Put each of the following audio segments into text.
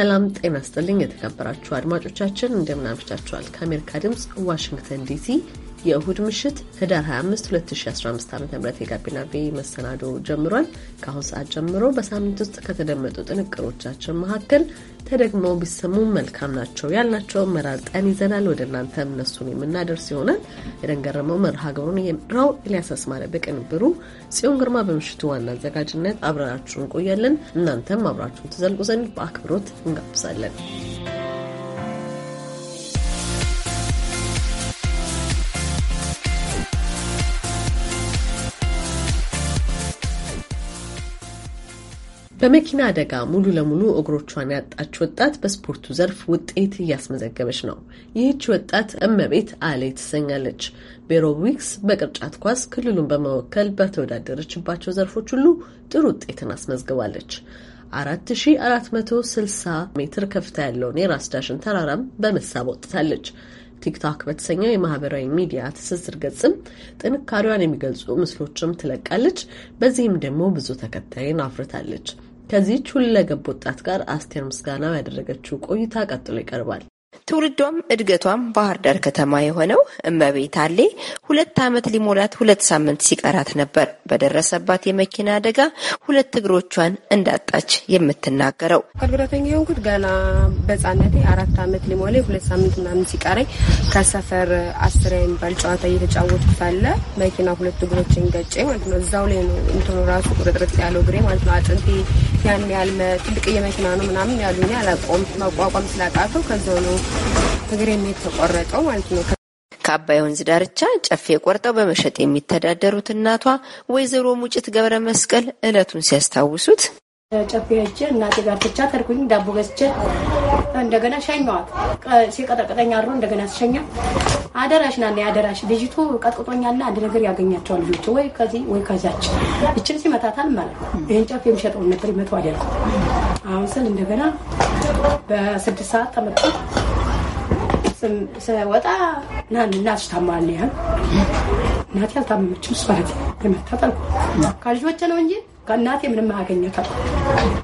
ሰላም ጤና ስጥልኝ የተከበራችሁ አድማጮቻችን እንደምናምሽታችኋል። ከአሜሪካ ድምፅ ዋሽንግተን ዲሲ የእሁድ ምሽት ህዳር 25 2015 ዓ ም የጋቢና ቪ መሰናዶ ጀምሯል። ከአሁን ሰዓት ጀምሮ በሳምንት ውስጥ ከተደመጡ ጥንቅሮቻችን መካከል ተደግመው ቢሰሙ መልካም ናቸው ያልናቸው መራርጠን ይዘናል። ወደ እናንተ እነሱን የምናደርስ ይሆናል። የደንገረመው መርሃ ግብሩን የምራው ኤልያስ አስማረ በቅንብሩ፣ ጽዮን ግርማ በምሽቱ ዋና አዘጋጅነት አብረናችሁ እንቆያለን። እናንተም አብራችሁን ትዘልቁ ዘንድ በአክብሮት እንጋብዛለን። በመኪና አደጋ ሙሉ ለሙሉ እግሮቿን ያጣች ወጣት በስፖርቱ ዘርፍ ውጤት እያስመዘገበች ነው። ይህች ወጣት እመቤት አሌ ትሰኛለች። ቤሮዊክስ በቅርጫት ኳስ ክልሉን በመወከል በተወዳደረችባቸው ዘርፎች ሁሉ ጥሩ ውጤትን አስመዝግባለች። 4460 ሜትር ከፍታ ያለውን የራስ ዳሽን ተራራም በመሳብ ወጥታለች። ቲክቶክ በተሰኘው የማህበራዊ ሚዲያ ትስስር ገጽም ጥንካሬዋን የሚገልጹ ምስሎችም ትለቃለች። በዚህም ደግሞ ብዙ ተከታይን አፍርታለች። ከዚህች ሁለገብ ወጣት ጋር አስቴር ምስጋናው ያደረገችው ቆይታ ቀጥሎ ይቀርባል። ትውልዷም እድገቷም ባህር ዳር ከተማ የሆነው እመቤት አሌ ሁለት ዓመት ሊሞላት ሁለት ሳምንት ሲቀራት ነበር በደረሰባት የመኪና አደጋ ሁለት እግሮቿን እንዳጣች የምትናገረው። አካል ጉዳተኛ የሆንኩት ገና በሕፃነቴ አራት ዓመት ሊሞላ ሁለት ሳምንት ምናምን ሲቀረኝ ከሰፈር አስር የሚባል ጨዋታ እየተጫወትኩ ሳለ መኪና ሁለት እግሮችን ገጨኝ ማለት ነው። እዛው ላይ ነው እንትኑ ራሱ ቁርጥርጥ ያለው እግሬ ማለት ነው አጥንቴ ያን ያህል ትልቅ የመኪና ነው ምናምን ያሉኝ አላቆም መቋቋም ስላቃተው ከዛው ነው እግሬ የሚሄድ ማለት ነው። ከአባይ ወንዝ ዳርቻ ጨፌ ቆርጠው በመሸጥ የሚተዳደሩት እናቷ ወይዘሮ ሙጭት ገብረ መስቀል እለቱን ሲያስታውሱት ጨፌ ሄጄ እናቴ ጋር ብቻ ተርኩኝ ዳቦ ገዝቼ እንደገና ሸኘዋት። ሲቀጠቅጠኝ አድሮ እንደገና ስሸኛ አደራሽ ና አደራሽ፣ ልጅቱ ቀጥቅጦኛልና አንድ ነገር ያገኛቸዋል ልጆች ወይ ከዚህ ወይ ከዛች እችን ሲመታታል ማለት ይህን ጨፍ የሚሸጠውን ነበር ይመቱ አደልኩ። አሁን ስል እንደገና በስድስት ሰዓት ተመጡ ስወጣ ና እናትሽ ታማል ያ እናቴ አልታመመችም። ስፋት የመታጠልኩ ከልጆች ነው እንጂ ከእናቴ ምንም አያገኘት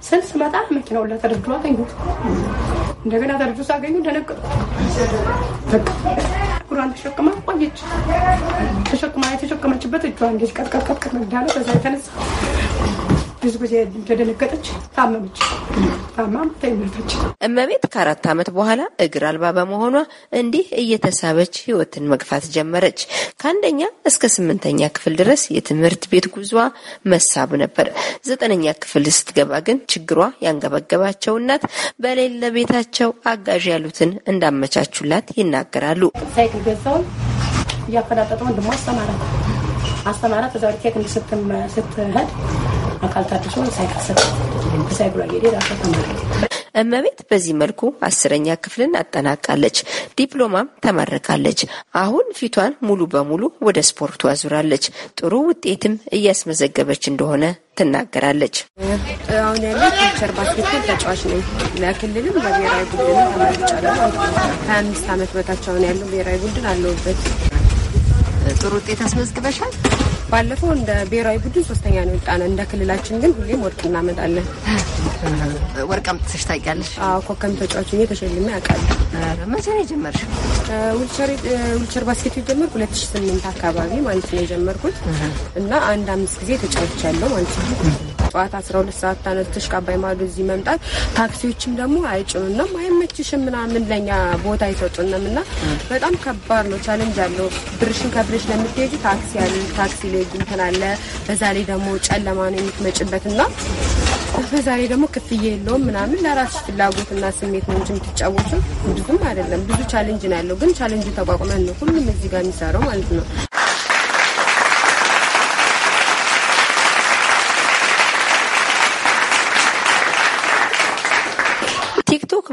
ስል ስመጣ መኪናው ለተረዱ አገኙት። እንደገና ተረዱ ሳገኙ ደነገጥኩ። እግሯን ተሸክማ ቆየች። ተሸክማ የተሸከመችበት እጇ እንደዚህ ቀጥቀጥቀጥቀጥ እንዳለ በዛ የተነሳ ብዙ ጊዜ እንደደነገጠች ታመመች። እመቤት ከአራት ዓመት በኋላ እግር አልባ በመሆኗ እንዲህ እየተሳበች ህይወትን መግፋት ጀመረች። ከአንደኛ እስከ ስምንተኛ ክፍል ድረስ የትምህርት ቤት ጉዟ መሳብ ነበር። ዘጠነኛ ክፍል ስትገባ ግን ችግሯ ያንገበገባቸው እናት በሌለ ቤታቸው አጋዥ ያሉትን እንዳመቻቹላት ይናገራሉ። ሳይክል ገዛውን እያፈላጠጠ ወንድሟ አስተማራት። አስተማራት እዛ ቴክኒክ ስትሄድ አካል ታድሶ ሳይከሰት ሳይጉራ ራሱ ተማሪ እመቤት በዚህ መልኩ አስረኛ ክፍልን አጠናቃለች። ዲፕሎማም ተመርቃለች። አሁን ፊቷን ሙሉ በሙሉ ወደ ስፖርቱ አዙራለች። ጥሩ ውጤትም እያስመዘገበች እንደሆነ ትናገራለች። አሁን ያለ ፒቸር ባስኬትቦል ተጫዋች ነኝ። ለክልልም በብሔራዊ ቡድን ተመርጫለሁ። ሀያ አምስት ዓመት በታች አሁን ያለው ብሔራዊ ቡድን አለውበት። ጥሩ ውጤት አስመዝግበሻል። ባለፈው እንደ ብሔራዊ ቡድን ሶስተኛ ነው የወጣ ነው። እንደ ክልላችን ግን ሁሌም ወርቅ እናመጣለን። ወርቅ አምጥተሽ ታውቂያለሽ? አዎ ኮከም ተጫዋች ሆኜ ተሸልሜ አውቃለሁ። መቼ ነው የጀመርሽው? ዊልቸር ባስኬት ጀመርኩ 2008 አካባቢ ማለት ነው የጀመርኩት እና አንድ አምስት ጊዜ ተጫውቻለሁ ማለት ነው። ጠዋት 12 ሰዓት ተነስተሽ ከአባይ ማዶ እዚህ መምጣት ታክሲዎችም ደግሞ አይጭኑንም፣ አይመችሽም ምናምን ለኛ ቦታ አይሰጡንም እና በጣም ከባድ ነው። ቻለንጅ አለው። ብርሽን ከብርሽ ለምትሄጂ ታክሲ ያለ ታክሲ ላይ እንትን አለ። በዛ ላይ ደግሞ ጨለማ ነው የምትመጭበት እና በዛ ላይ ደግሞ ክፍያ የለውም ምናምን። ለራስሽ ፍላጎትና ስሜት ነው እንጂ የምትጫወቱ ብዙም አይደለም። ብዙ ቻለንጅ ነው ያለው። ግን ቻለንጅ ተቋቁመን ነው ሁሉም እዚህ ጋር የሚሰራው ማለት ነው።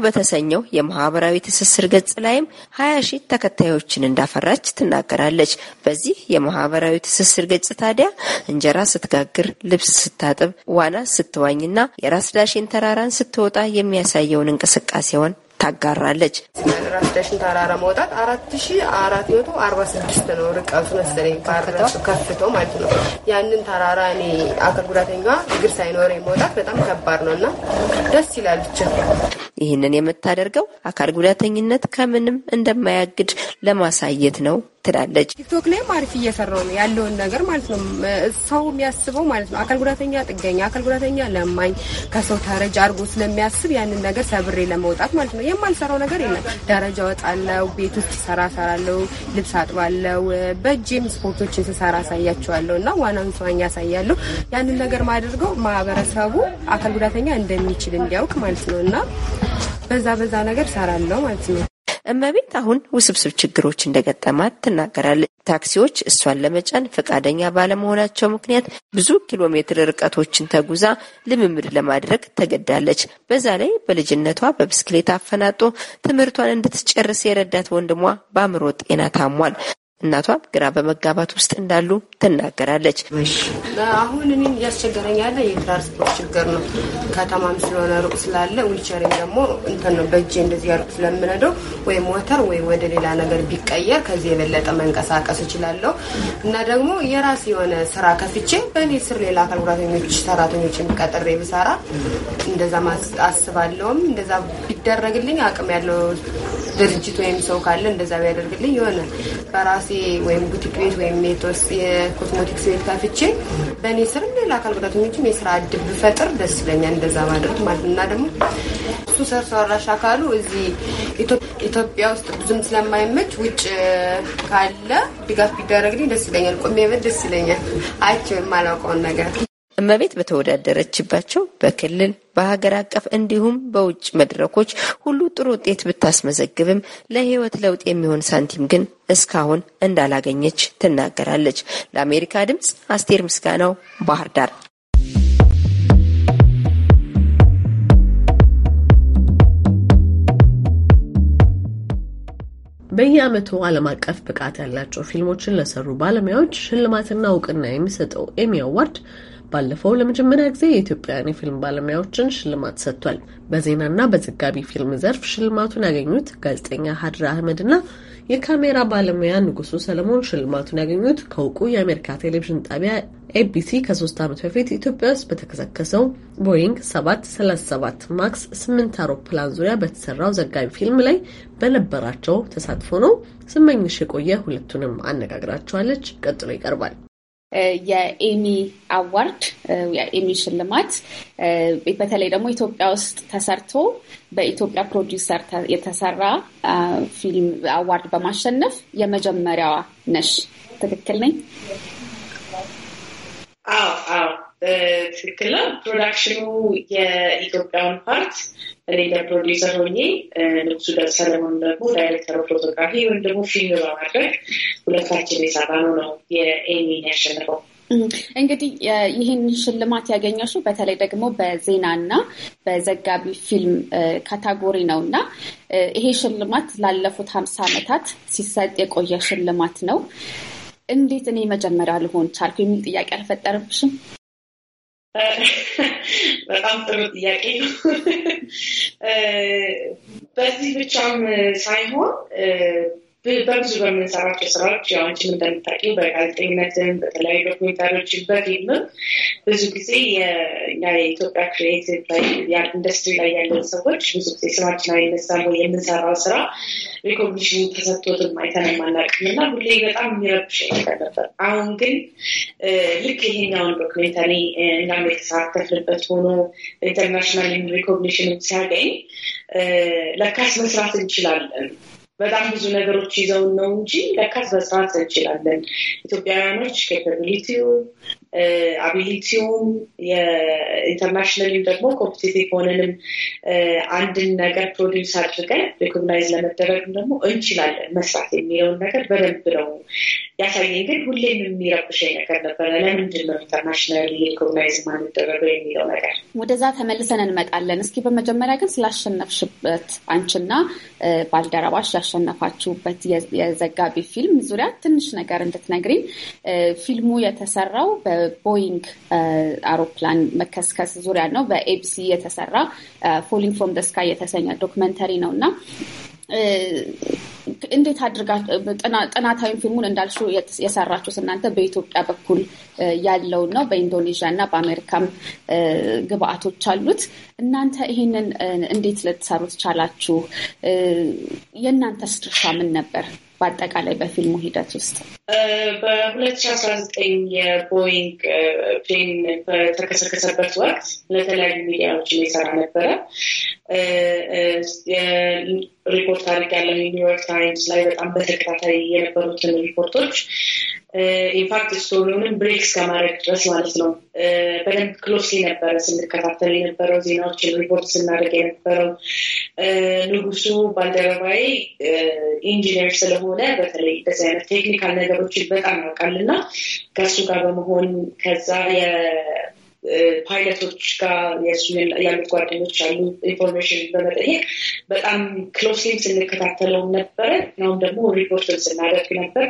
በተሰኘው የማህበራዊ ትስስር ገጽ ላይም ሀያ ሺህ ተከታዮችን እንዳፈራች ትናገራለች። በዚህ የማህበራዊ ትስስር ገጽ ታዲያ እንጀራ ስትጋግር፣ ልብስ ስታጥብ፣ ዋና ስትዋኝና የራስ ዳሽን ተራራን ስትወጣ የሚያሳየውን እንቅስቃሴውን ታጋራለች። ራሽን ተራራ መውጣት አራት ሺ አራት መቶ አርባ ስድስት ነው ርቀቱ መሰለኝ ከረሱ ከፍቶ ማለት ነው። ያንን ተራራ እኔ አካል ጉዳተኛዋ እግር ሳይኖረኝ መውጣት በጣም ከባድ ነው እና ደስ ይላል ብቻ ይህንን የምታደርገው አካል ጉዳተኝነት ከምንም እንደማያግድ ለማሳየት ነው ትላለች። ቲክቶክ ላይም አሪፍ እየሰራው ነው ያለውን ነገር ማለት ነው ሰው የሚያስበው ማለት ነው። አካል ጉዳተኛ ጥገኛ፣ አካል ጉዳተኛ ለማኝ፣ ከሰው ተረጅ አድርጎ ስለሚያስብ ያንን ነገር ሰብሬ ለመውጣት ማለት ነው የማልሰራው ነገር የለም። ደረጃ ወጣለው፣ ቤት ውስጥ ሰራ ሰራለው፣ ልብስ አጥባለው፣ በእጅም ስፖርቶችን ስሰራ አሳያቸዋለሁ እና ዋናን ሰዋኝ ያሳያለሁ። ያንን ነገር ማድርገው ማህበረሰቡ አካል ጉዳተኛ እንደሚችል እንዲያውቅ ማለት ነው እና በዛ በዛ ነገር ሰራለው ማለት ነው። እመቤት አሁን ውስብስብ ችግሮች እንደገጠማት ትናገራለች። ታክሲዎች እሷን ለመጫን ፈቃደኛ ባለመሆናቸው ምክንያት ብዙ ኪሎ ሜትር ርቀቶችን ተጉዛ ልምምድ ለማድረግ ተገዳለች። በዛ ላይ በልጅነቷ በብስክሌት አፈናጦ ትምህርቷን እንድትጨርስ የረዳት ወንድሟ በአእምሮ ጤና ታሟል። እናቷም ግራ በመጋባት ውስጥ እንዳሉ ትናገራለች። አሁን እኔ እያስቸገረኝ ያለ የትራንስፖርት ችግር ነው። ከተማም ስለሆነ ሩቅ ስላለ ዊልቸሪም ደግሞ እንትን ነው በእጄ እንደዚህ ያሩቅ ስለምነደው ወይ ሞተር ወይ ወደ ሌላ ነገር ቢቀየር ከዚህ የበለጠ መንቀሳቀስ እችላለሁ እና ደግሞ የራስ የሆነ ስራ ከፍቼ በእኔ ስር ሌላ አካል ጉዳተኞች ሰራተኞች የሚቀጥሬ ብሰራ እንደዛ አስባለሁም። እንደዛ ቢደረግልኝ አቅም ያለው ድርጅት ወይም ሰው ካለ እንደዛ ቢያደርግልኝ የሆነ በራ የራሴ ወይም ቡቲክ ቤት ወይም ሜቶስ የኮስሞቲክስ ቤት ከፍቼ በእኔ ስር ሌላ አካል ጉዳተኞችም የስራ እድል ብፈጥር ደስ ይለኛል። እንደዛ ማድረግ ማለት እና ደግሞ እሱ ሰርቶ ሰራሽ አካሉ እዚህ ኢትዮጵያ ውስጥ ብዙም ስለማይመች ውጭ ካለ ድጋፍ ቢደረግልኝ ደስ ይለኛል። ቆሜበት ደስ ይለኛል። አይቼው የማላውቀውን ነገር እመቤት በተወዳደረችባቸው በክልል በሀገር አቀፍ እንዲሁም በውጭ መድረኮች ሁሉ ጥሩ ውጤት ብታስመዘግብም ለሕይወት ለውጥ የሚሆን ሳንቲም ግን እስካሁን እንዳላገኘች ትናገራለች። ለአሜሪካ ድምፅ አስቴር ምስጋናው ባህር ዳር። በየዓመቱ ዓለም አቀፍ ብቃት ያላቸው ፊልሞችን ለሰሩ ባለሙያዎች ሽልማትና እውቅና የሚሰጠው ኤሚ አዋርድ ባለፈው ለመጀመሪያ ጊዜ የኢትዮጵያውያን የፊልም ባለሙያዎችን ሽልማት ሰጥቷል። በዜናና በዘጋቢ ፊልም ዘርፍ ሽልማቱን ያገኙት ጋዜጠኛ ሀድር አህመድ እና የካሜራ ባለሙያ ንጉሱ ሰለሞን ሽልማቱን ያገኙት ከእውቁ የአሜሪካ ቴሌቪዥን ጣቢያ ኤቢሲ ከሶስት ዓመት በፊት ኢትዮጵያ ውስጥ በተከሰከሰው ቦይንግ 737 ማክስ ስምንት አውሮፕላን ዙሪያ በተሰራው ዘጋቢ ፊልም ላይ በነበራቸው ተሳትፎ ነው። ስመኝሽ የቆየ ሁለቱንም አነጋግራቸዋለች። ቀጥሎ ይቀርባል። የኤሚ አዋርድ የኤሚ ሽልማት በተለይ ደግሞ ኢትዮጵያ ውስጥ ተሰርቶ በኢትዮጵያ ፕሮዲውሰር የተሰራ ፊልም አዋርድ በማሸነፍ የመጀመሪያዋ ነሽ። ትክክል ነኝ? አዎ አዎ። ትክክል ነው። ፕሮዳክሽኑ የኢትዮጵያውን ፓርት እኔ ፕሮዲሰር ሆኜ ንጉሱ ሰለሞን ደግሞ ዳይሬክተር ፎቶግራፊ ወይም ደግሞ ፊልም በማድረግ ሁለታችን የሰራ ነው የኤሚን ያሸነፈው። እንግዲህ ይህን ሽልማት ያገኘሽው በተለይ ደግሞ በዜና እና በዘጋቢ ፊልም ካታጎሪ ነው እና ይሄ ሽልማት ላለፉት ሀምሳ ዓመታት ሲሰጥ የቆየ ሽልማት ነው። እንዴት እኔ መጀመሪያ ልሆን ቻልኩ የሚል ጥያቄ አልፈጠረብሽም? በጣም ጥሩ ጥያቄ ነው። በዚህ ብቻም ሳይሆን በብዙ በምንሰራቸው ስራዎች ያንችም እንደምታውቂው በጋዜጠኝነትም በተለያዩ ዶክሜንታሪዎችን በፊልምም ብዙ ጊዜ የኢትዮጵያ ክሬቲቭ ኢንዱስትሪ ላይ ያለን ሰዎች ብዙ ጊዜ ስማችን አይነሳም ወይ የምንሰራው ስራ ሪኮግኒሽን ተሰጥቶትም አይተን አናውቅም እና ሁሌ በጣም የሚረብሽ ነበር። አሁን ግን ልክ ይሄኛውን ዶክሜንታሪ እኛም የተሳተፍንበት ሆኖ ኢንተርናሽናል ሪኮግኒሽን ሲያገኝ ለካስ መስራት እንችላለን በጣም ብዙ ነገሮች ይዘውን ነው እንጂ ለካስ መስራት እንችላለን። ኢትዮጵያውያኖች ኬፐብሊቲው አቢሊቲውም የኢንተርናሽናሊም ደግሞ ኮምፒቴቲቭ ሆነንም አንድን ነገር ፕሮዲውስ አድርገን ሪኮግናይዝ ለመደረግም ደግሞ እንችላለን መስራት የሚለውን ነገር በደንብ ነው ያሳየኝ። ግን ሁሌም የሚረብሸኝ ነገር ነበረ፣ ለምንድን ነው ኢንተርናሽናል ሪኮግናይዝ ማንደረገው የሚለው ነገር። ወደዛ ተመልሰን እንመጣለን። እስኪ በመጀመሪያ ግን ስላሸነፍሽበት አንቺና ባልደረባሽ ያሸነፋችሁበት የዘጋቢ ፊልም ዙሪያ ትንሽ ነገር እንድትነግሪኝ ፊልሙ የተሰራው ቦይንግ አውሮፕላን መከስከስ ዙሪያ ነው። በኤቢሲ የተሰራ ፎሊንግ ፍሮም ደ የተሰኘ ዶክመንተሪ ነው እና እንዴት አድርጋ ጥናታዊ ፊልሙን እንዳልሹ የሰራችሁት እናንተ በኢትዮጵያ በኩል ያለው ነው። በኢንዶኔዥያ እና በአሜሪካም ግብአቶች አሉት። እናንተ ይህንን እንዴት ልትሰሩት ቻላችሁ? የእናንተስ ድርሻ ምን ነበር? በአጠቃላይ በፊልሙ ሂደት ውስጥ በ2019 የቦይንግ ፕሌን በተከሰከሰበት ወቅት ለተለያዩ ሚዲያዎች የሰራ ነበረ። ሪፖርት አድርግ ያለው ኒውዮርክ ታይምስ ላይ በጣም በተከታታይ የነበሩትን ሪፖርቶች ኢንፋክት ስቶሪውንም ብሬክ እስከማድረግ ድረስ ማለት ነው። በደንብ ክሎስ የነበረ ስንከታተል የነበረው ዜናዎችን ሪፖርት ስናደርግ የነበረው ንጉሱ ባልደረባዬ ኢንጂነር ስለሆነ በተለይ እንደዚህ አይነት ቴክኒካል ነገሮችን በጣም ያውቃል እና ከእሱ ጋር በመሆን ከዛ ፓይለቶች ጋር የሱ ያሉት ጓደኞች አሉ ኢንፎርሜሽን በመጠየቅ በጣም ክሎስሊ ስንከታተለው ነበረ። አሁን ደግሞ ሪፖርትን ስናደርግ ነበር።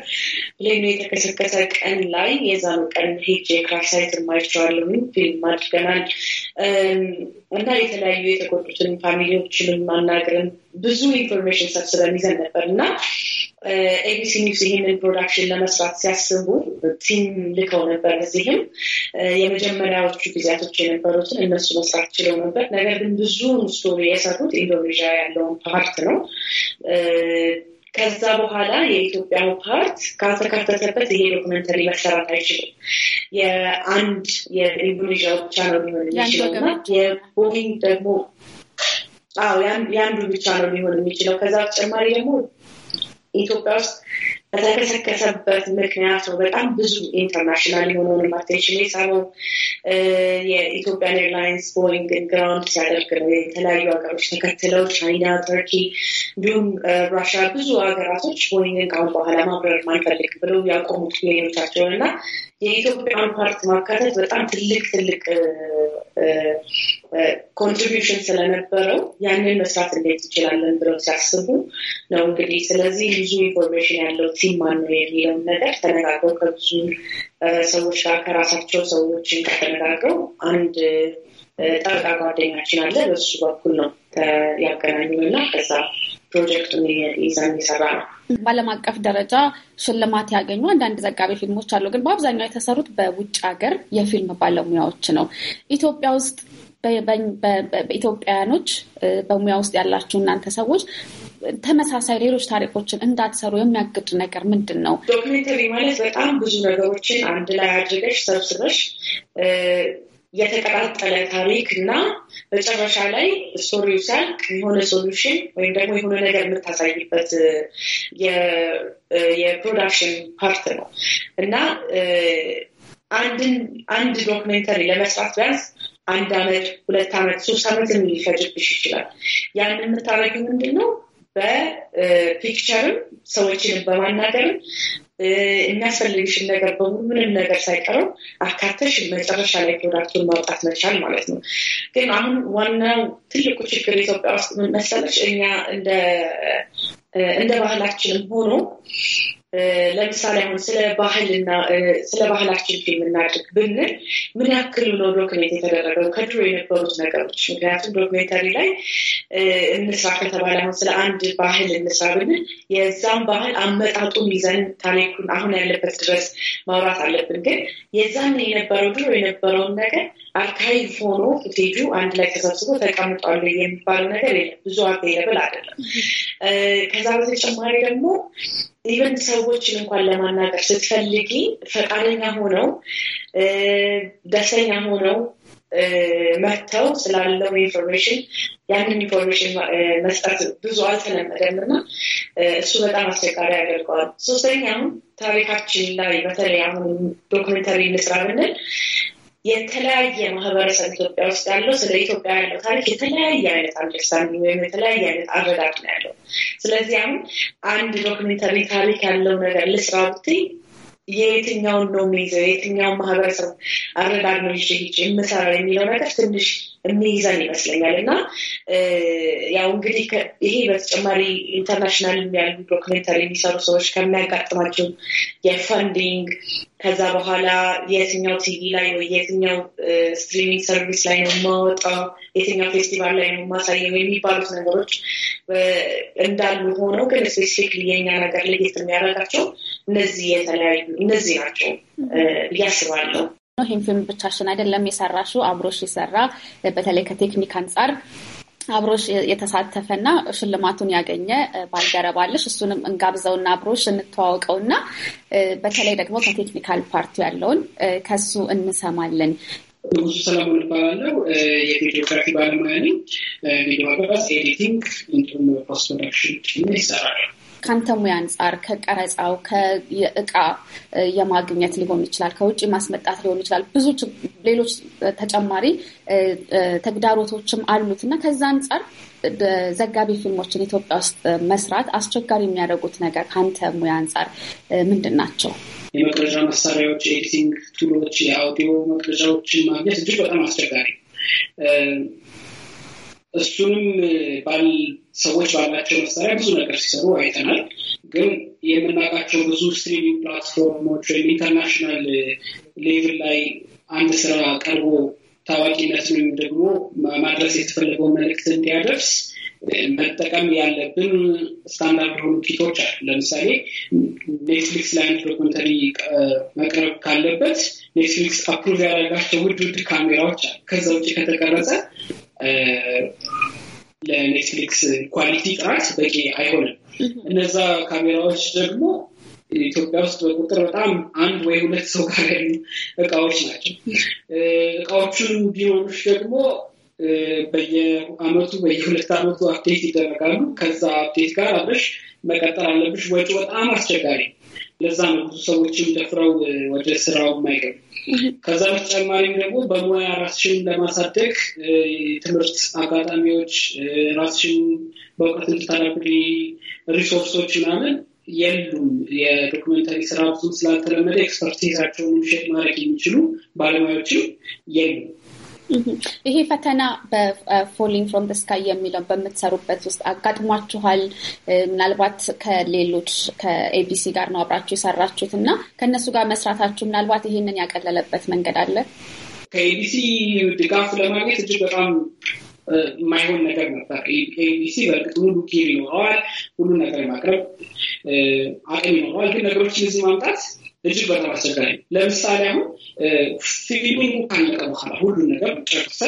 ፕሌኑ የተከሰከሰ ቀን ላይ የዛኑ ቀን ሄጅ የክራሳይት ማይቸዋለሁ ፊልም አድርገናል እና የተለያዩ የተጎዱትን ፋሚሊዎችንም አናግርን ብዙ ኢንፎርሜሽን ሰብስበን ይዘን ነበር እና ኤቢሲ ኒውስ ይህንን ፕሮዳክሽን ለመስራት ሲያስቡ ቲም ልከው ነበር። እዚህም የመጀመሪያዎቹ ጊዜያቶች የነበሩትን እነሱ መስራት ችለው ነበር። ነገር ግን ብዙውን ስቶሪ የሰሩት ኢንዶኔዥያ ያለውን ፓርት ነው። ከዛ በኋላ የኢትዮጵያ ፓርት ካልተካተተበት ይሄ ዶክመንተሪ መሰራት አይችልም። የአንድ የኢንዶኔዥያ ብቻ ነው ሊሆን የሚችለው እና የቦይንግ ደግሞ አዎ የአንዱ ብቻ ነው ሊሆን የሚችለው። ከዛ በተጨማሪ ደግሞ ኢትዮጵያ ውስጥ በተከሰከሰበት ምክንያት ነው። በጣም ብዙ ኢንተርናሽናል የሆነውን አቴንሽን የሳበው የኢትዮጵያን ኤርላይንስ ቦይንግን ግራውንድ ሲያደርግ ነው። የተለያዩ ሀገሮች ተከትለው ቻይና፣ ተርኪ እንዲሁም ራሽያ፣ ብዙ ሀገራቶች ቦይንግን ካሁን በኋላ ማብረር ማንፈልግ ብለው ያቆሙት ሌሎቻቸውን እና የኢትዮጵያን ፓርት ማካተት በጣም ትልቅ ትልቅ ኮንትሪቢሽን ስለነበረው ያንን መስራት እንዴት እንችላለን ብለው ሲያስቡ ነው እንግዲህ። ስለዚህ ብዙ ኢንፎርሜሽን ያለው ቲም ማን ነው የሚለውን ነገር ተነጋግረው ከብዙ ሰዎች ጋር ከራሳቸው ሰዎችን ከተነጋግረው አንድ ጠበቃ ጓደኛችን አለ። በሱ በኩል ነው ያገናኙና ከዛ ፕሮጀክቱን ይዘን የሰራ ነው። በዓለም አቀፍ ደረጃ ሽልማት ያገኙ አንዳንድ ዘጋቢ ፊልሞች አሉ፣ ግን በአብዛኛው የተሰሩት በውጭ ሀገር የፊልም ባለሙያዎች ነው። ኢትዮጵያ ውስጥ በኢትዮጵያውያኖች በሙያ ውስጥ ያላችሁ እናንተ ሰዎች ተመሳሳይ ሌሎች ታሪኮችን እንዳትሰሩ የሚያግድ ነገር ምንድን ነው? ዶክሜንተሪ ማለት በጣም ብዙ ነገሮችን አንድ ላይ አድርገሽ ሰብስበሽ የተቀጣጠለ ታሪክ እና መጨረሻ ላይ ስቶሪው ሲያልቅ የሆነ ሶሉሽን ወይም ደግሞ የሆነ ነገር የምታሳይበት የፕሮዳክሽን ፓርት ነው እና አንድን አንድ ዶክሜንተሪ ለመስራት ቢያንስ አንድ አመት፣ ሁለት አመት፣ ሶስት አመት ሊፈጅብሽ ይችላል። ያን የምታደርጊው ምንድን ነው? በፒክቸርም ሰዎችንም በማናገርም የሚያስፈልግሽን ነገር በሙሉ ምንም ነገር ሳይቀረው አካተሽ መጨረሻ ላይ ፕሮዳክቱን ማውጣት መቻል ማለት ነው። ግን አሁን ዋናው ትልቁ ችግር ኢትዮጵያ ውስጥ ምን እኛ እንደ ባህላችንም ሆኖ ለምሳሌ አሁን ስለ ባህልና ስለ ባህላችን ፊልም እናድርግ ብንል ምን ያክል ነው ዶክሜንት የተደረገው ከድሮ የነበሩት ነገሮች? ምክንያቱም ዶክሜንታሪ ላይ እንስራ ከተባለ አሁን ስለ አንድ ባህል እንስራ ብንል የዛን ባህል አመጣጡን ይዘን ታሪኩን አሁን ያለበት ድረስ ማውራት አለብን። ግን የዛን የነበረው ድሮ የነበረውን ነገር አርካይቭ ሆኖ ፉቴጁ አንድ ላይ ተሰብስቦ ተቀምጧል የሚባለው ነገር የለም። ብዙ አቬለብል አይደለም። ከዛ በተጨማሪ ደግሞ ኢቨን ሰዎችን እንኳን ለማናገር ስትፈልጊ ፈቃደኛ ሆነው ደስተኛ ሆነው መጥተው ስላለው ኢንፎርሜሽን ያንን ኢንፎርሜሽን መስጠት ብዙ አልተለመደም እና እሱ በጣም አስቸጋሪ ያደርገዋል። ሶስተኛም ታሪካችን ላይ በተለይ አሁን ዶክመንተሪ እንስራ ብንል የተለያየ ማህበረሰብ ኢትዮጵያ ውስጥ ያለው ስለ ኢትዮጵያ ያለው ታሪክ የተለያየ አይነት አንደርስታንዲ ወይም የተለያየ አይነት አረዳድ ነው ያለው። ስለዚህ አሁን አንድ ዶክሜንተሪ ታሪክ ያለው ነገር ልስራ ብትይ የየትኛውን ነው የሚይዘው የየትኛውን ማህበረሰብ አረዳድ ነው ይዤ ሄጄ የምሰራው የሚለው ነገር ትንሽ የሚይዘን ይመስለኛል እና ያው እንግዲህ ይሄ በተጨማሪ ኢንተርናሽናል የሚያሉ ዶክመንተሪ የሚሰሩ ሰዎች ከሚያጋጥማቸው የፈንዲንግ ከዛ በኋላ የትኛው ቲቪ ላይ ነው የትኛው ስትሪሚንግ ሰርቪስ ላይ ነው የማወጣው የትኛው ፌስቲቫል ላይ ነው የማሳየው የሚባሉት ነገሮች እንዳሉ ሆነው ግን ስፔሲፊክ የኛ ነገር ለየት የሚያደርጋቸው እነዚህ የተለያዩ እነዚህ ናቸው እያስባለሁ። ነው። ይህም ፊልም ብቻሽን አይደለም የሰራሹ አብሮሽ የሰራ በተለይ ከቴክኒክ አንጻር አብሮሽ የተሳተፈ የተሳተፈና ሽልማቱን ያገኘ ባልደረባለሽ እሱንም እንጋብዘውና አብሮሽ እንተዋወቀው እንተዋወቀውና በተለይ ደግሞ ከቴክኒካል ፓርቲ ያለውን ከሱ እንሰማለን። ብዙ ሰለሞን እባላለሁ። የቪዲዮግራፊ ባለሙያ ነኝ። ቪዲዮ ኤዲቲንግ እንዲሁም ፖስት ፕሮዳክሽን ይሰራል። ከአንተ ሙያ አንጻር ከቀረጻው ከእቃ የማግኘት ሊሆን ይችላል፣ ከውጭ ማስመጣት ሊሆን ይችላል፣ ብዙ ሌሎች ተጨማሪ ተግዳሮቶችም አሉት እና ከዛ አንጻር ዘጋቢ ፊልሞችን ኢትዮጵያ ውስጥ መስራት አስቸጋሪ የሚያደርጉት ነገር ከአንተ ሙያ አንጻር ምንድን ናቸው? የመቅረጫ መሳሪያዎች፣ ኤዲቲንግ ቱሎች፣ የአውዲዮ መቅረጫዎችን ማግኘት እጅግ በጣም አስቸጋሪ እሱንም ሰዎች ባላቸው መሳሪያ ብዙ ነገር ሲሰሩ አይተናል። ግን የምናውቃቸው ብዙ ስትሪሚንግ ፕላትፎርሞች ወይም ኢንተርናሽናል ሌቭል ላይ አንድ ስራ ቀርቦ ታዋቂነት ወይም ደግሞ ማድረስ የተፈለገው መልእክት እንዲያደርስ መጠቀም ያለብን ስታንዳርድ የሆኑ ኪቶች አሉ። ለምሳሌ ኔትፍሊክስ ላይ አንድ ዶክመንተሪ መቅረብ ካለበት ኔትፍሊክስ አፕሩቭ ያደረጋቸው ውድ ውድ ካሜራዎች አሉ። ከዛ ውጭ ከተቀረጸ ለኔትፍሊክስ ኳሊቲ ጥራት በቂ አይሆንም። እነዛ ካሜራዎች ደግሞ ኢትዮጵያ ውስጥ በቁጥር በጣም አንድ ወይ ሁለት ሰው ጋር ያሉ እቃዎች ናቸው። እቃዎቹን ቢኖሩሽ ደግሞ በየአመቱ በየሁለት አመቱ አፕዴት ይደረጋሉ። ከዛ አፕዴት ጋር አብረሽ መቀጠል አለብሽ። ወጪ በጣም አስቸጋሪ ነው። ለዛ ነው ብዙ ሰዎችም ደፍረው ወደ ስራው የማይገቡ። ከዛ በተጨማሪም ደግሞ በሙያ ራስሽን ለማሳደግ ትምህርት አጋጣሚዎች ራስሽን በእውቀት እንድታዳብሪ ሪሶርሶች ምናምን የሉም። የዶክመንታሪ ስራ ብዙም ስላልተለመደ ኤክስፐርቲዛቸውን ሼር ማድረግ የሚችሉ ባለሙያዎችም የሉም። ይሄ ፈተና በፎሊንግ ፍሮም ተስካይ የሚለው በምትሰሩበት ውስጥ አጋጥሟችኋል? ምናልባት ከሌሎች ከኤቢሲ ጋር ነው አብራችሁ የሰራችሁት እና ከእነሱ ጋር መስራታችሁ ምናልባት ይሄንን ያቀለለበት መንገድ አለ? ከኤቢሲ ድጋፍ ለማግኘት እጅግ በጣም የማይሆን ነገር ነበር። ኤቢሲ በእርግጥ ሙሉ ኬር ይኖረዋል፣ ሁሉ ነገር ማቅረብ አቅም ይኖረዋል። ግን ነገሮችን እዚህ ማምጣት እጅግ በጣም አስቸጋሪ ነው። ለምሳሌ አሁን ፊልሚንጉ ካለቀ በኋላ ሁሉን ነገር ጨርሰ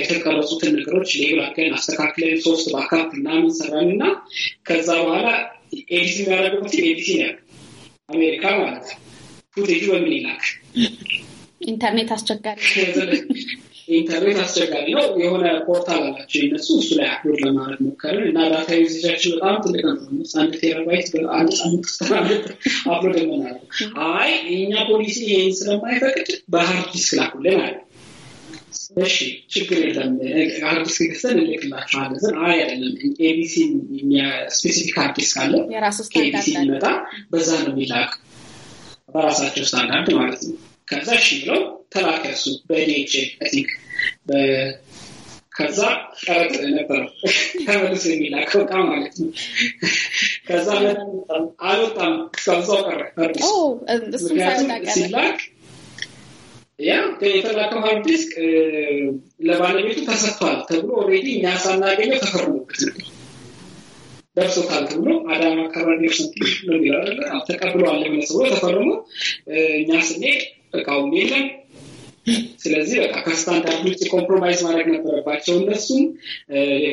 የተቀረጹትን ነገሮች ሌብል አድርገን አስተካክለን ሶስት ባካፕ ምናምን ሰራን እና ከዛ በኋላ ኤዲት የሚያደርገው ቲም ኤዲቲን ያለ አሜሪካ ማለት ነው። ፉቴጅ በምን ይላክ ኢንተርኔት አስቸጋሪ ኢንተርኔት አስቸጋሪ ነው። የሆነ ፖርታል አላቸው እነሱ እሱ ላይ አፕሎድ ለማድረግ ሞከርን እና ዳታ ዩዜቻችን በጣም ትልቅ ነው። አንድ ቴራባይት በአንድ ሳምንት ስተናገጥ አፕሎድ የምናደርገው አይ የእኛ ፖሊሲ ይህን ስለማይፈቅድ በሀርድ ዲስክ ላኩልን አለ። እሺ ችግር የለም ሀርድ ዲስክ ገዝተን እንልክላቸዋለን ስል አይ አይደለም ኤቢሲ ስፔሲፊክ ሀርድ ዲስክ አለ ኤቢሲ ይመጣ በዛ ነው የሚላክ በራሳቸው ስታንዳርድ ማለት ነው። ከዛ እሺ ብለው ተላከ እሱ በእኔ ቲንክ ከዛ ቀረጥ ነበር ተመልሶ የሚላከው ዕቃ ማለት ነው። ከዛ አልወጣም እስከዛው ቀረ። ምክንያቱም ሲላክ ያ የተላከው ሀርድ ዲስክ ለባለቤቱ ተሰጥቷል ተብሎ ኦልሬዲ እኛ ሳናገኘው ተፈርሞበት ነበር። ደርሶታል ተብሎ አዳማ አካባቢ ተቀብለዋል ለመሰብሎ ተፈርሞ እኛ ስኔ እቃውም የለም ስለዚህ በቃ ከስታንድ አርዶች ኮምፕሮማይዝ ማድረግ ነበረባቸው። እነሱም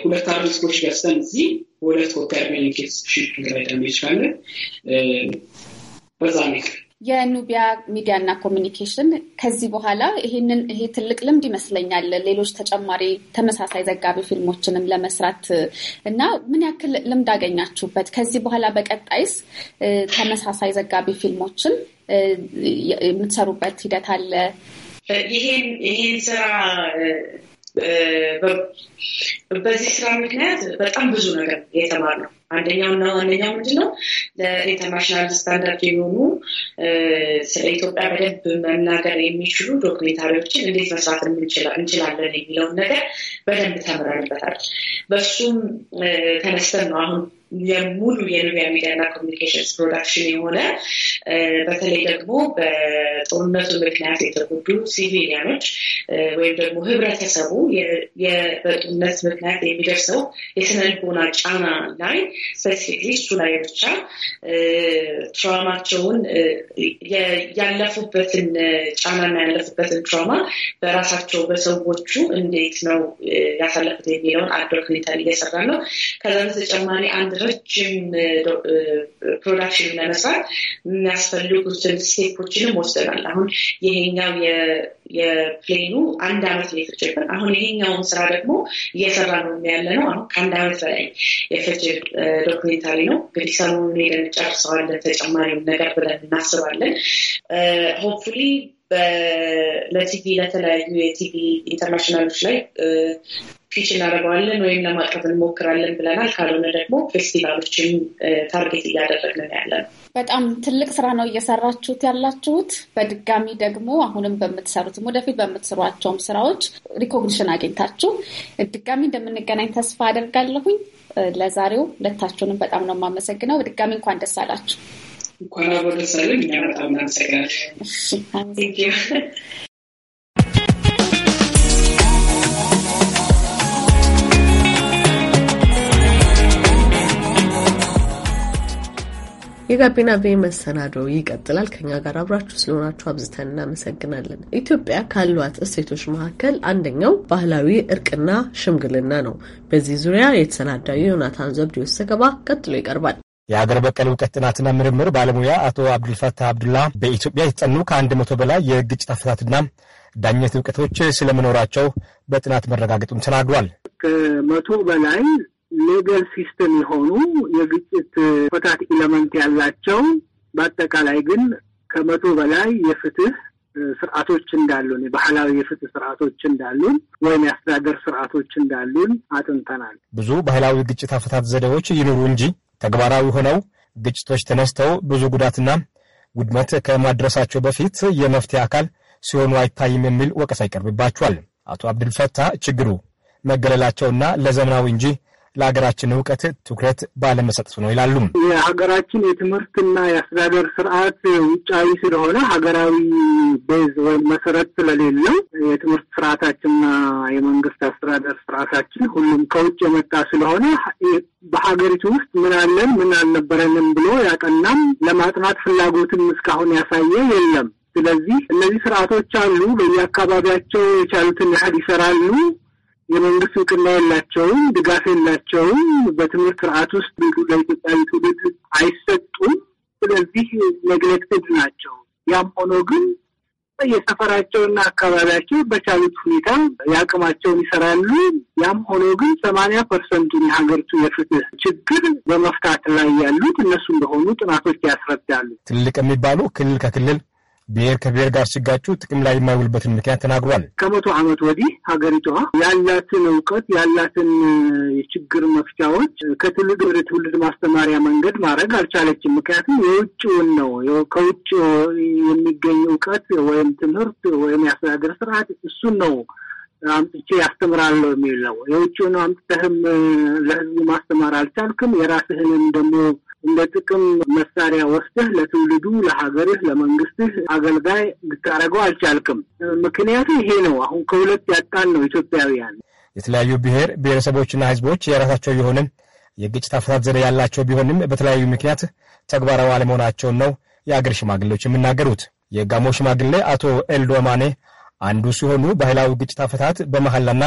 ሁለት አርዶስኮች ገዝተን እዚህ ሁለት ኮፒያር ሜኒኬት ሽፕ ላይ ደሜጅ ካለ በዛ ሚክ የኑቢያ ሚዲያ እና ኮሚኒኬሽን ከዚህ በኋላ ይህንን ይሄ ትልቅ ልምድ ይመስለኛል ሌሎች ተጨማሪ ተመሳሳይ ዘጋቢ ፊልሞችንም ለመስራት እና ምን ያክል ልምድ አገኛችሁበት? ከዚህ በኋላ በቀጣይስ ተመሳሳይ ዘጋቢ ፊልሞችን የምትሰሩበት ሂደት አለ? ይሄን ይሄን ስራ በዚህ ስራ ምክንያት በጣም ብዙ ነገር አንደኛው አንደኛውና ዋነኛው ምንድ ነው ለኢንተርናሽናል ስታንዳርድ የሆኑ ስለ ኢትዮጵያ በደንብ መናገር የሚችሉ ዶክሜንታሪዎችን እንዴት መስራት እንችላለን የሚለውን ነገር በደንብ ተምረንበታል። በሱም ተነስተን ነው አሁን ሙሉ የኑቢያ ሚዲያና ኮሚኒኬሽንስ ፕሮዳክሽን የሆነ በተለይ ደግሞ በጦርነቱ ምክንያት የተጎዱ ሲቪሊያኖች ወይም ደግሞ ህብረተሰቡ በጦርነት ምክንያት የሚደርሰው የስነልቦና ጫና ላይ ስፔሲፊክሊ እሱ ላይ ብቻ ትራማቸውን ያለፉበትን ጫናና ያለፉበትን ትራማ በራሳቸው በሰዎቹ እንዴት ነው ያሳለፉት የሚለውን ሁኔታ እየሰራ ነው። ከዛ በተጨማሪ አንድ ረጅም ፕሮዳክሽን ለመስራት የሚያስፈልጉትን ስቴፖችንም ወስደናል። አሁን ይሄኛው የፕሌኑ አንድ አመት ነው አሁን ይሄኛውን ስራ ደግሞ እየሰራ ነው ያለ ነው። አሁን ከአንድ አመት በላይ የፈጀ ዶክሜንታሪ ነው። እንግዲህ ሰሞኑን ሄደን ጨርሰዋለን ተጨማሪም ነገር ብለን እናስባለን ሆፕፉሊ ለቲቪ ለተለያዩ የቲቪ ኢንተርናሽናሎች ላይ ፊች እናደርገዋለን ወይም ለማቅረብ እንሞክራለን ብለናል። ካልሆነ ደግሞ ፌስቲቫሎችን ታርጌት እያደረግን ያለ ነው። በጣም ትልቅ ስራ ነው እየሰራችሁት ያላችሁት። በድጋሚ ደግሞ አሁንም በምትሰሩትም ወደፊት በምትሰሯቸውም ስራዎች ሪኮግኒሽን አግኝታችሁ ድጋሚ እንደምንገናኝ ተስፋ አደርጋለሁኝ። ለዛሬው ሁለታችሁንም በጣም ነው የማመሰግነው። በድጋሚ እንኳን ደስ አላችሁ። እንኳን አብሮ ደስ አለን። እኛ በጣም እናመሰግናለን። የጋቢና ቬ መሰናዶ ይቀጥላል። ከኛ ጋር አብራችሁ ስለሆናችሁ አብዝተን እናመሰግናለን። ኢትዮጵያ ካሏት እሴቶች መካከል አንደኛው ባህላዊ እርቅና ሽምግልና ነው። በዚህ ዙሪያ የተሰናዳው የዮናታን ዘብዴዎስ ዘገባ ቀጥሎ ይቀርባል። የሀገር በቀል እውቀት ጥናትና ምርምር ባለሙያ አቶ አብዱልፈታህ አብዱላ በኢትዮጵያ የተጠኑ ከአንድ መቶ በላይ የግጭት አፈታትና ዳኝነት እውቀቶች ስለመኖራቸው በጥናት መረጋገጡን ተናግሯል። ከመቶ በላይ ሌገል ሲስተም የሆኑ የግጭት ፈታት ኢለመንት ያላቸው በአጠቃላይ ግን ከመቶ በላይ የፍትህ ስርዓቶች እንዳሉን የባህላዊ የፍትህ ስርዓቶች እንዳሉን ወይም የአስተዳደር ስርዓቶች እንዳሉን አጥንተናል። ብዙ ባህላዊ ግጭት አፈታት ዘዴዎች ይኑሩ እንጂ ተግባራዊ ሆነው ግጭቶች ተነስተው ብዙ ጉዳትና ውድመት ከማድረሳቸው በፊት የመፍትሄ አካል ሲሆኑ አይታይም የሚል ወቀሳ ይቀርብባቸዋል። አቶ አብድልፈታህ ችግሩ መገለላቸውና ለዘመናዊ እንጂ ለሀገራችን እውቀት ትኩረት ባለመሰጠቱ ነው ይላሉ። የሀገራችን የትምህርትና የአስተዳደር ስርዓት ውጫዊ ስለሆነ ሀገራዊ ቤዝ ወይም መሰረት ስለሌለው የትምህርት ስርዓታችንና የመንግስት አስተዳደር ስርዓታችን ሁሉም ከውጭ የመጣ ስለሆነ በሀገሪቱ ውስጥ ምን አለን ምን አልነበረንም ብሎ ያጠናም ለማጥናት ፍላጎትም እስካሁን ያሳየ የለም። ስለዚህ እነዚህ ስርዓቶች አሉ። በየአካባቢያቸው የቻሉትን ያህል ይሰራሉ። የመንግስት እውቅና የላቸውም፣ ድጋፍ የላቸውም። በትምህርት ስርዓት ውስጥ ለኢትዮጵያዊ ትውልድ አይሰጡም። ስለዚህ ነግሌክትድ ናቸው። ያም ሆኖ ግን የሰፈራቸውና አካባቢያቸው በቻሉት ሁኔታ የአቅማቸውን ይሰራሉ። ያም ሆኖ ግን ሰማንያ ፐርሰንቱን የሀገሪቱ የፍትህ ችግር በመፍታት ላይ ያሉት እነሱ እንደሆኑ ጥናቶች ያስረዳሉ። ትልቅ የሚባሉ ክልል ከክልል ብሔር ከብሔር ጋር ሲጋጩ ጥቅም ላይ የማይውልበትን ምክንያት ተናግሯል። ከመቶ ዓመት ወዲህ ሀገሪቷ ያላትን እውቀት ያላትን የችግር መፍቻዎች ከትውልድ ወደ ትውልድ ማስተማሪያ መንገድ ማድረግ አልቻለችም። ምክንያቱም የውጭውን ነው ከውጭ የሚገኝ እውቀት ወይም ትምህርት ወይም የአስተዳደር ስርዓት እሱን ነው አምጥቼ ያስተምራለሁ የሚለው የውጭውን አምጥተህም ለህዝቡ ማስተማር አልቻልክም። የራስህንም ደግሞ እንደ ጥቅም መሳሪያ ወስደህ ለትውልዱ፣ ለሀገርህ፣ ለመንግስትህ አገልጋይ ልታደርገው አልቻልክም። ምክንያቱ ይሄ ነው። አሁን ከሁለት ያጣን ነው ኢትዮጵያውያን። የተለያዩ ብሔር ብሔረሰቦችና ህዝቦች የራሳቸው የሆነ የግጭት አፈታት ዘዴ ያላቸው ቢሆንም በተለያዩ ምክንያት ተግባራዊ አለመሆናቸውን ነው የአገር ሽማግሌዎች የሚናገሩት። የጋሞ ሽማግሌ አቶ ኤልዶማኔ አንዱ ሲሆኑ ባህላዊ ግጭት አፈታት በመሐላና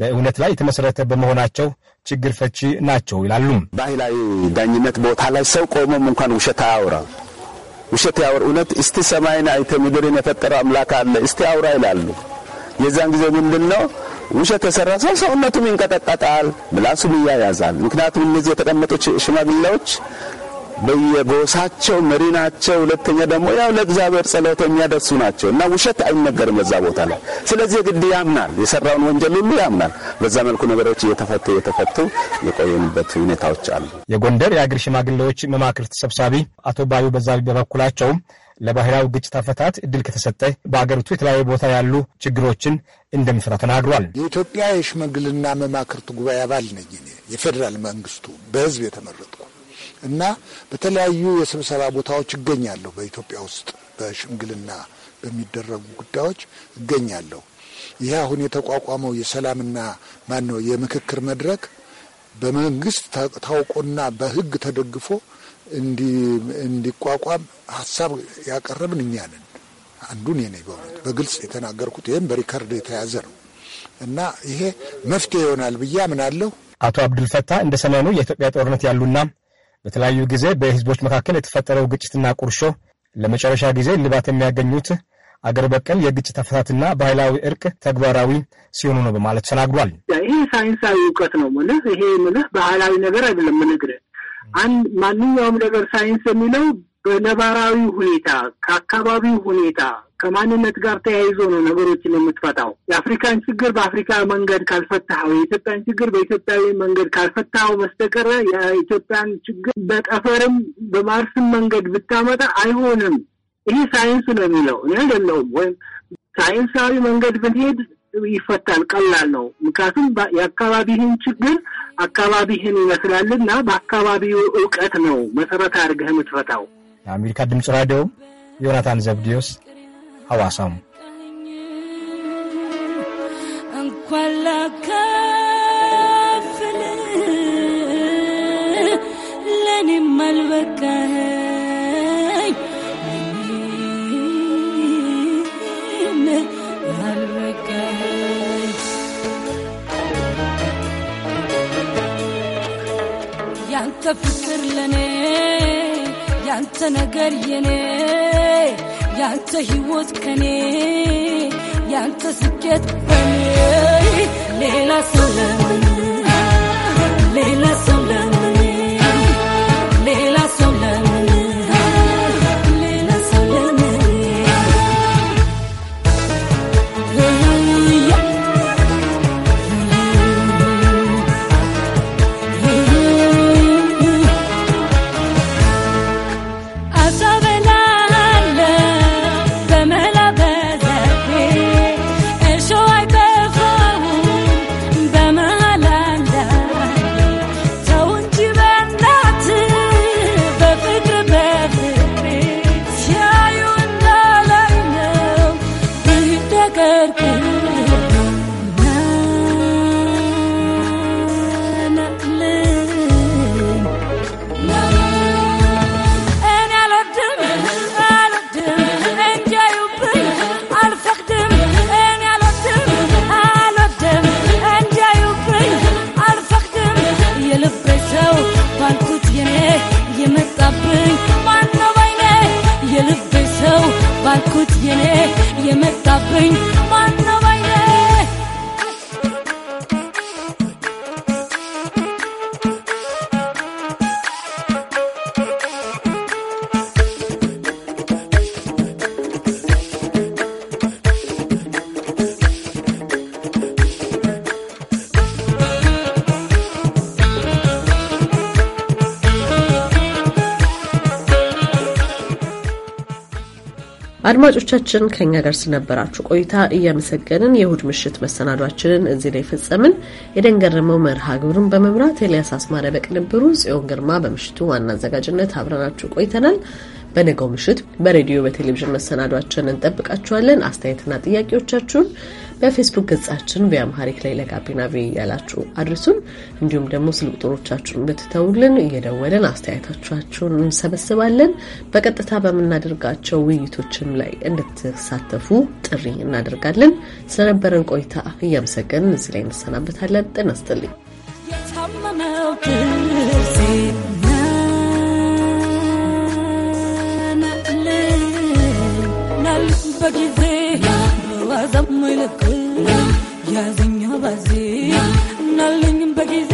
በእውነት ላይ የተመሰረተ በመሆናቸው ችግር ፈቺ ናቸው ይላሉ። ባህላዊ ዳኝነት ቦታ ላይ ሰው ቆሞም እንኳን ውሸት አያውራ ውሸት ያወር እውነት እስቲ ሰማይን አይተ ምድርን የፈጠረ አምላክ አለ እስቲ አውራ ይላሉ። የዛን ጊዜ ምንድን ነው ውሸት የሰራ ሰው ሰውነቱም ይንቀጠቀጣል፣ ምላሱም ይያያዛል። ምክንያቱም እነዚህ የተቀመጡ ሽማግሌዎች በየጎሳቸው መሪ ናቸው። ሁለተኛ ደግሞ ያው ለእግዚአብሔር ጸሎት የሚያደርሱ ናቸው እና ውሸት አይነገርም በዛ ቦታ ላይ። ስለዚህ ግድ ያምናል፣ የሰራውን ወንጀል ሁሉ ያምናል። በዛ መልኩ ነገሮች እየተፈቱ እየተፈቱ የቆየንበት ሁኔታዎች አሉ። የጎንደር የአገር ሽማግሌዎች መማክርት ሰብሳቢ አቶ ባዩ በዛቢ በበኩላቸው ለባህላዊ ግጭት አፈታት እድል ከተሰጠ በአገሪቱ የተለያዩ ቦታ ያሉ ችግሮችን እንደሚፈታ ተናግሯል። የኢትዮጵያ የሽመግልና መማክርት ጉባኤ አባል ነኝ። የፌዴራል መንግስቱ በህዝብ የተመረጥኩ እና በተለያዩ የስብሰባ ቦታዎች እገኛለሁ። በኢትዮጵያ ውስጥ በሽምግልና በሚደረጉ ጉዳዮች እገኛለሁ። ይህ አሁን የተቋቋመው የሰላምና ማነው የምክክር መድረክ በመንግስት ታውቆና በህግ ተደግፎ እንዲቋቋም ሀሳብ ያቀረብን እኛ ነን። አንዱን የኔ በእውነት በግልጽ የተናገርኩት ይህም በሪከርድ የተያዘ ነው እና ይሄ መፍትሄ ይሆናል ብዬ አምናለሁ። አቶ አብዱልፈታ እንደ ሰሞኑ የኢትዮጵያ ጦርነት ያሉና በተለያዩ ጊዜ በህዝቦች መካከል የተፈጠረው ግጭትና ቁርሾ ለመጨረሻ ጊዜ ልባት የሚያገኙት አገር በቀል የግጭት አፈታትና ባህላዊ እርቅ ተግባራዊ ሲሆኑ ነው በማለት ተናግሯል። ይሄ ሳይንሳዊ እውቀት ነው ምልህ ይሄ ምልህ ባህላዊ ነገር አይደለም ምንግርህ አንድ ማንኛውም ነገር ሳይንስ የሚለው በነባራዊ ሁኔታ ከአካባቢው ሁኔታ ከማንነት ጋር ተያይዞ ነው ነገሮችን የምትፈታው። የአፍሪካን ችግር በአፍሪካ መንገድ ካልፈታው፣ የኢትዮጵያን ችግር በኢትዮጵያዊ መንገድ ካልፈታው በስተቀረ የኢትዮጵያን ችግር በጠፈርም በማርስም መንገድ ብታመጣ አይሆንም። ይህ ሳይንስ ነው የሚለው እኔ አይደለሁም። ወይም ሳይንሳዊ መንገድ ብንሄድ ይፈታል፣ ቀላል ነው። ምክንያቱም የአካባቢህን ችግር አካባቢህን ይመስላልና በአካባቢው እውቀት ነው መሰረት አድርገህ የምትፈታው። የአሜሪካ ድምፅ ራዲዮ ዮናታን ዘብዲዮስ ሐዋሳም እንኳን ላካፍል ለእኔም አልበቃኸኝ ያንተ ፍቅር ለእኔ ያንተ ነገር የኔ ያንተ ህይወት ከኔ ያንተ ስኬት በኔ ሌላ ሰለምን አድማጮቻችን ከኛ ጋር ስለነበራችሁ ቆይታ እያመሰገንን የእሁድ ምሽት መሰናዷችንን እዚህ ላይ ፈጸምን። የደንገረመው መርሃ ግብሩን በመምራት ኤልያስ አስማረ፣ በቅንብሩ ጽዮን ግርማ፣ በምሽቱ ዋና አዘጋጅነት አብረናችሁ ቆይተናል። በነገው ምሽት በሬዲዮ በቴሌቪዥን መሰናዷችን እንጠብቃችኋለን። አስተያየትና ጥያቄዎቻችሁን በፌስቡክ ገጻችን በአምሃሪክ ላይ ለጋቢና ቪ ያላችሁ አድርሱን። እንዲሁም ደግሞ ስልክ ቁጥሮቻችሁን ብትተውልን እየደወለን አስተያየቶቻችሁን እንሰበስባለን። በቀጥታ በምናደርጋቸው ውይይቶችም ላይ እንድትሳተፉ ጥሪ እናደርጋለን። ስለነበረን ቆይታ እያመሰገን እዚህ ላይ እንሰናበታለን። ጤና ይስጥልኝ። ልክል ያዘኛ ባዜ እናለኝም በጊዜ